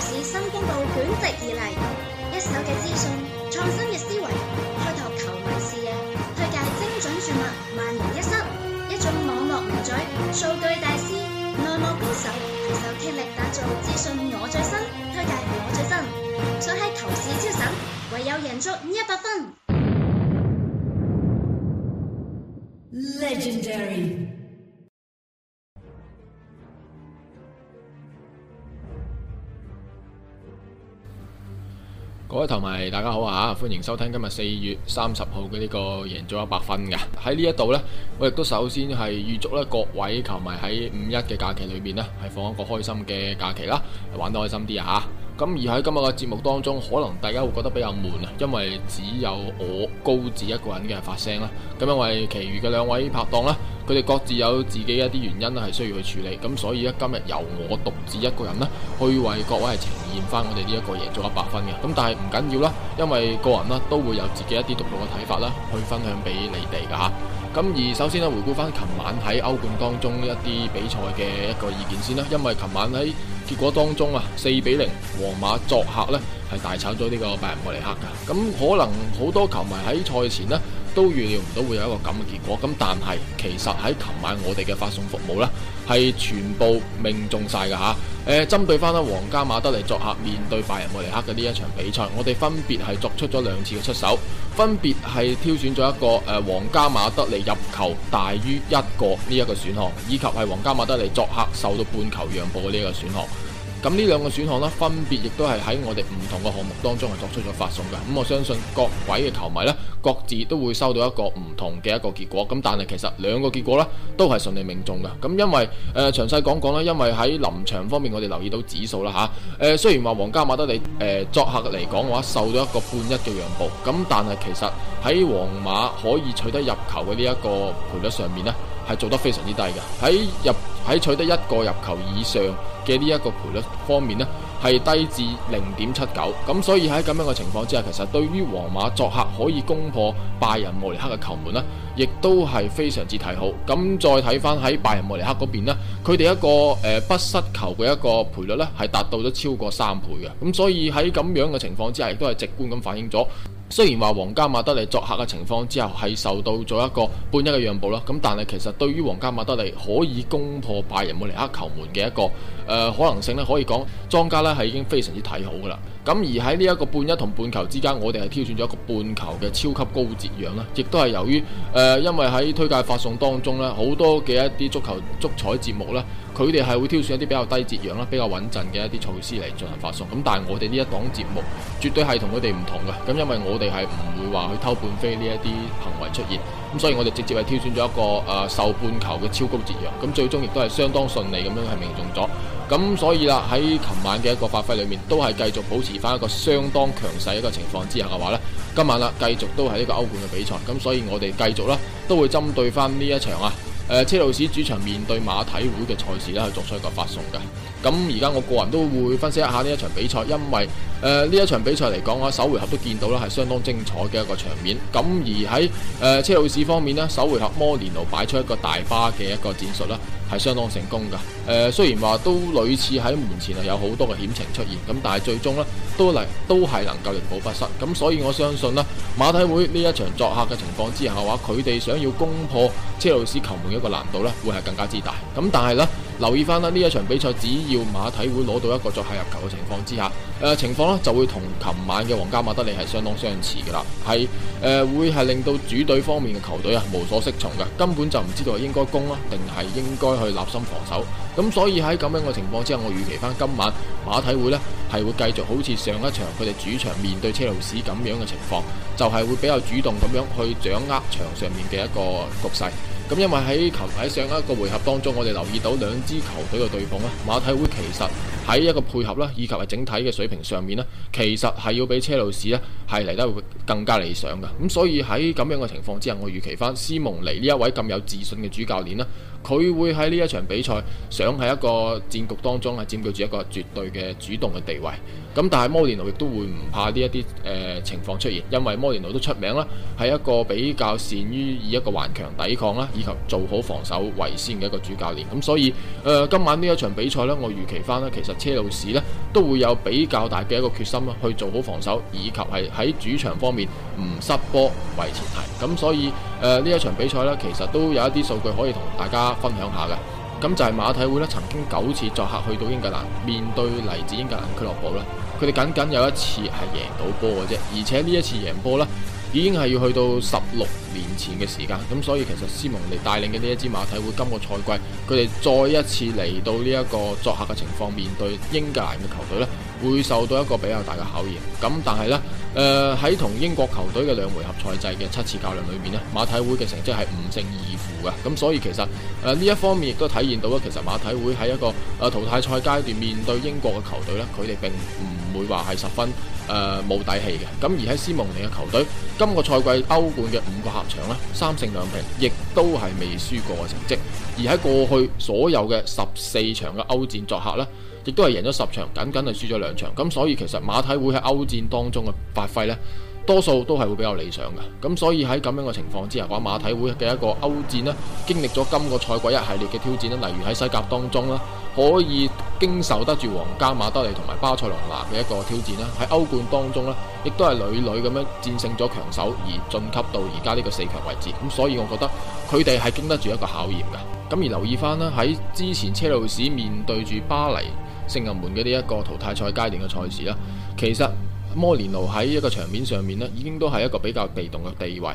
市新風暴卷席而嚟，一手嘅資訊，創新嘅思維，開拓球迷視野，推介精準注物，萬無一失。一種網絡名嘴，數據大師，內幕高手，攜手傾力打造資訊我最新，推介我最新，想喺投市超神，唯有贏足一百分。Legendary。各位球迷大家好啊！歡迎收聽今日四月三十號嘅呢個贏足一百分嘅。喺呢一度呢，我亦都首先係預祝各位球迷喺五一嘅假期裏面呢，係放一個開心嘅假期啦，玩得開心啲啊！咁而喺今日嘅節目當中，可能大家會覺得比較悶，因為只有我高志一個人嘅發聲啦。咁因為其餘嘅兩位拍檔啦佢哋各自有自己一啲原因係需要去處理，咁所以咧今日由我獨自一個人呢，去為各位係呈現翻我哋呢一個贏咗一百分嘅，咁但係唔緊要啦，因為個人啦都會有自己一啲獨到嘅睇法啦，去分享俾你哋嘅吓。咁而首先咧回顧翻琴晚喺歐冠當中一啲比賽嘅一個意見先啦，因為琴晚喺結果當中啊，四比零皇馬作客呢，係大炒咗呢個拜仁慕尼黑嘅，咁可能好多球迷喺賽前呢，都預料唔到會有一個咁嘅結果，咁但係其實喺琴晚我哋嘅發送服務呢，係全部命中晒㗎。吓、啊，針對翻呢皇家馬德里作客面對拜仁慕尼黑嘅呢一場比賽，我哋分別係作出咗兩次嘅出手，分別係挑選咗一個誒呃、皇家馬德里入球大於一個呢一個選項，以及係皇家馬德里作客受到半球讓步嘅呢一個選項。咁呢兩個選項呢，分別亦都係喺我哋唔同嘅項目當中係作出咗發送嘅。咁我相信各位嘅球迷呢，各自都會收到一個唔同嘅一個結果。咁但係其實兩個結果呢，都係順利命中嘅。咁因為誒、呃、詳細講講啦，因為喺臨場方面，我哋留意到指數啦吓、呃，雖然話皇家馬德里、呃、作客嚟講嘅話，受到一個半一嘅讓步。咁但係其實喺皇馬可以取得入球嘅呢一個賠率上面呢。係做得非常之低嘅。喺入喺取得一個入球以上嘅呢一個賠率方面呢，係低至零點七九，咁所以喺咁樣嘅情況之下，其實對於皇馬作客可以攻破拜仁慕尼黑嘅球門呢，亦都係非常之睇好。咁再睇翻喺拜仁慕尼黑嗰邊呢，佢哋一個誒、呃、不失球嘅一個賠率呢，係達到咗超過三倍嘅，咁所以喺咁樣嘅情況之下，亦都係直觀咁反映咗。雖然話皇家馬德里作客嘅情況之後係受到咗一個半一嘅讓步啦，咁但係其實對於皇家馬德里可以攻破拜仁慕尼黑球門嘅一個誒、呃、可能性咧，可以講莊家咧係已經非常之睇好噶啦。咁而喺呢一個半一同半球之間，我哋係挑選咗一個半球嘅超級高折讓啦，亦都係由於、呃、因為喺推介發送當中呢，好多嘅一啲足球足彩節目呢，佢哋係會挑選一啲比較低折讓啦，比較穩陣嘅一啲措施嚟進行發送。咁但係我哋呢一檔節目絕對係同佢哋唔同嘅。咁因為我哋係唔會話去偷半飛呢一啲行為出現，咁所以我哋直接係挑選咗一個、呃、受半球嘅超高折讓。咁最終亦都係相當順利咁樣係命中咗。咁所以啦，喺琴晚嘅一個發揮裏面，都係繼續保持翻一個相當強勢一個情況之下嘅話呢，今晚啦，繼續都係一個歐冠嘅比賽。咁所以，我哋繼續啦，都會針對翻呢一場啊，呃，車路士主場面對馬體會嘅賽事咧，去作出一個發送嘅。咁而家我個人都會分析一下呢一場比賽，因為、呃、呢一場比賽嚟講，首回合都見到啦，係相當精彩嘅一個場面。咁而喺、呃、車路士方面呢，首回合摩連奴擺出一個大巴嘅一個戰術啦，係相當成功㗎。誒、呃、雖然話都屢次喺門前啊有好多嘅險情出現，咁但係最終呢都嚟都係能夠力保不失。咁所以我相信呢馬體會呢一場作客嘅情況之下，話佢哋想要攻破車路士球門嘅一個難度呢會係更加之大。咁但係呢留意翻啦，呢一場比賽只要馬體會攞到一個作客入球嘅情況之下，呃、情況呢就會同琴晚嘅皇家馬德里係相當相似㗎啦，係、呃、會係令到主隊方面嘅球隊啊無所適從嘅，根本就唔知道應該攻啦定係應該去立心防守。咁所以喺咁樣嘅情況之下，我預期翻今晚馬體會呢係會繼續好似上一場佢哋主場面對車路士咁樣嘅情況，就係、是、會比較主動咁樣去掌握場上面嘅一個局勢。咁因為喺球喺上一個回合當中，我哋留意到兩支球隊嘅對碰啦，馬體會其實喺一個配合啦，以及係整體嘅水平上面呢，其實係要比車路士呢係嚟得更加理想嘅。咁所以喺咁樣嘅情況之下，我預期翻斯蒙尼呢一位咁有自信嘅主教練咧。佢會喺呢一場比賽想喺一個戰局當中係佔據住一個絕對嘅主動嘅地位。咁但係摩連奴亦都會唔怕呢一啲誒情況出現，因為摩連奴都出名啦，係一個比較擅於以一個頑強抵抗啦，以及做好防守為先嘅一個主教練。咁所以誒、呃、今晚呢一場比賽呢，我預期翻呢，其實車路士呢都會有比較大嘅一個決心啦，去做好防守以及係喺主場方面唔失波為前提。咁所以誒呢、呃、一場比賽呢，其實都有一啲數據可以同大家分享下嘅，咁就係馬體會咧，曾經九次作客去到英格蘭面對嚟自英格蘭俱樂部咧，佢哋僅僅有一次係贏到波嘅啫。而且呢一次贏波咧，已經係要去到十六年前嘅時間咁，所以其實斯蒙尼帶領嘅呢一支馬體會今個賽季佢哋再一次嚟到呢一個作客嘅情況，面對英格蘭嘅球隊咧，會受到一個比較大嘅考驗。咁但係咧。誒喺、呃、同英國球隊嘅兩回合賽制嘅七次較量裏面咧，馬體會嘅成績係五勝二負嘅，咁所以其實誒呢、呃、一方面亦都體現到咧，其實馬體會喺一個誒、呃、淘汰賽階段面對英國嘅球隊咧，佢哋並唔會話係十分誒冇、呃、底氣嘅。咁而喺斯蒙尼嘅球隊，今個賽季歐冠嘅五個客場咧，三勝兩平，亦都係未輸過嘅成績。而喺過去所有嘅十四場嘅歐戰作客咧。亦都係贏咗十場，僅僅係輸咗兩場，咁所以其實馬體會喺歐戰當中嘅發揮呢，多數都係會比較理想嘅。咁所以喺咁樣嘅情況之下，話馬體會嘅一個歐戰呢，經歷咗今個賽季一系列嘅挑戰咧，例如喺西甲當中啦，可以經受得住皇家馬德里同埋巴塞隆拿嘅一個挑戰啦，喺歐冠當中呢，亦都係屢屢咁樣戰勝咗強手而晉級到而家呢個四強位置。咁所以我覺得佢哋係經得住一個考驗嘅。咁而留意翻啦，喺之前車路士面對住巴黎。聖亞門嘅呢一個淘汰賽階段嘅賽事啦，其實摩連奴喺一個場面上面咧，已經都係一個比較被動嘅地位，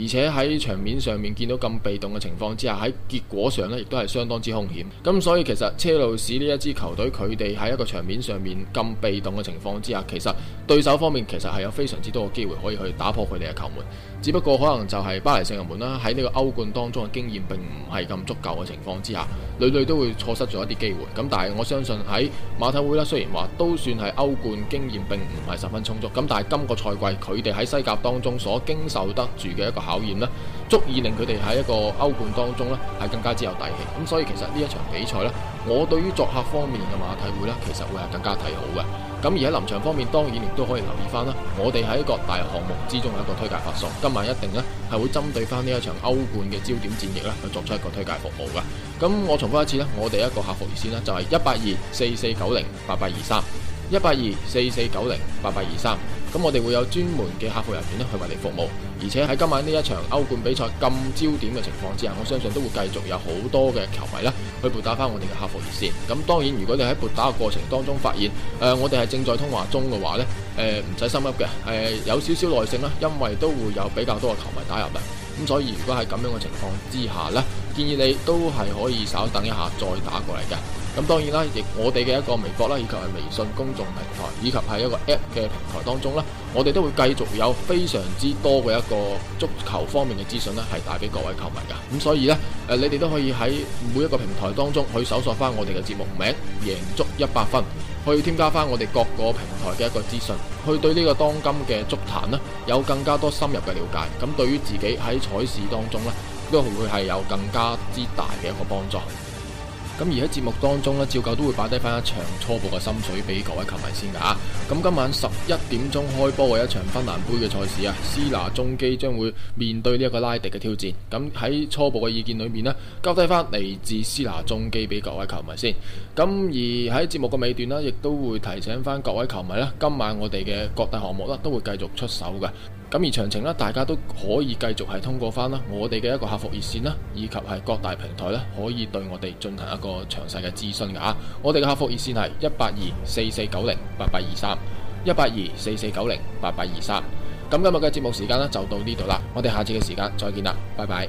而且喺場面上面見到咁被動嘅情況之下，喺結果上呢，亦都係相當之兇險。咁所以其實車路士呢一支球隊，佢哋喺一個場面上面咁被動嘅情況之下，其實對手方面其實係有非常之多嘅機會可以去打破佢哋嘅球門。只不過可能就係巴黎聖日門啦，喺呢個歐冠當中嘅經驗並唔係咁足夠嘅情況之下，屢屢都會錯失咗一啲機會。咁但係我相信喺馬體會啦，雖然話都算係歐冠經驗並唔係十分充足，咁但係今個賽季佢哋喺西甲當中所經受得住嘅一個考驗呢，足以令佢哋喺一個歐冠當中呢係更加之有底氣。咁所以其實呢一場比賽呢，我對於作客方面嘅馬體會呢，其實會係更加睇好嘅。咁而喺臨場方面，當然亦都可以留意翻啦。我哋喺各大項目之中嘅一個推介發送，今晚一定呢係會針對翻呢一場歐冠嘅焦點戰役呢去作出一個推介服務嘅。咁我重複一次呢，我哋一個客服熱線呢就係一八二四四九零八八二三，一八二四四九零八八二三。咁我哋會有專門嘅客服人員呢，去為你服務，而且喺今晚呢一場歐冠比賽咁焦點嘅情況之下，我相信都會繼續有好多嘅球迷啦。去撥打翻我哋嘅客服熱線，咁當然，如果你喺撥打嘅過程當中發現，誒、呃，我哋係正在通話中嘅話呢，誒，呃，唔使心急嘅，誒、呃，有少少耐性啦，因為都會有比較多嘅球迷打入啦，咁所以如果係咁樣嘅情況之下呢，建議你都係可以稍等一下再打過嚟嘅。咁當然啦，亦我哋嘅一個微博啦，以及係微信公眾平台，以及喺一個 App 嘅平台當中啦，我哋都會繼續有非常之多嘅一個足球方面嘅資訊咧，係帶俾各位球迷㗎。咁所以咧，誒你哋都可以喺每一個平台當中去搜索翻我哋嘅節目名《贏足一百分》，去添加翻我哋各個平台嘅一個資訊，去對呢個當今嘅足壇呢有更加多深入嘅了解。咁對於自己喺彩市當中呢，都會係有更加之大嘅一個幫助。咁而喺節目當中呢，照舊都會擺低翻一場初步嘅心水俾各位球迷先噶吓。咁今晚十一點鐘開波嘅一場芬蘭杯嘅賽事啊，斯拿中基將會面對呢一個拉迪嘅挑戰。咁喺初步嘅意見裏面呢，交低翻嚟自斯拿中基俾各位球迷先。咁而喺節目嘅尾段呢，亦都會提醒翻各位球迷啦，今晚我哋嘅各大項目呢都會繼續出手嘅。咁而詳情呢，大家都可以繼續係通過翻啦，我哋嘅一個客服熱線啦，以及係各大平台啦，可以對我哋進行一個詳細嘅諮詢㗎。我哋嘅客服熱線係一八二四四九零八八二三，一八二四四九零八八二三。咁今日嘅節目時間呢，就到呢度啦，我哋下次嘅時間再見啦，拜拜。